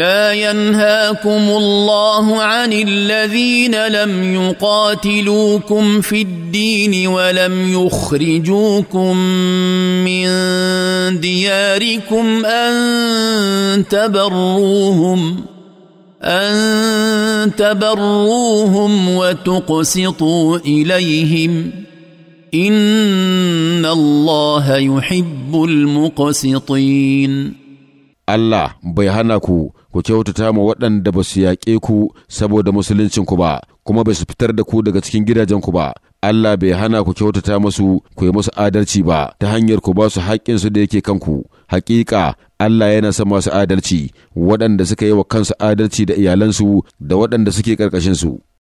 لا ينهاكم الله عن الذين لم يقاتلوكم في الدين ولم يخرجوكم من دياركم ان تبروهم ان تبروهم وتقسطوا اليهم ان الله يحب المقسطين Allah bai hana ku ku kyautata ma waɗanda ba su yaƙe ku saboda musuluncinku ba, kuma bai su fitar da ku daga cikin gidajenku ba. Allah bai hana ku kyautata masu ku yi musu adalci ba ta hanyar ku ba su haƙƙinsu da yake kanku. haƙiƙa Allah yana son masu adalci waɗanda suka yi wa kansu adalci da iyalansu da waɗanda suke ƙarƙashinsu.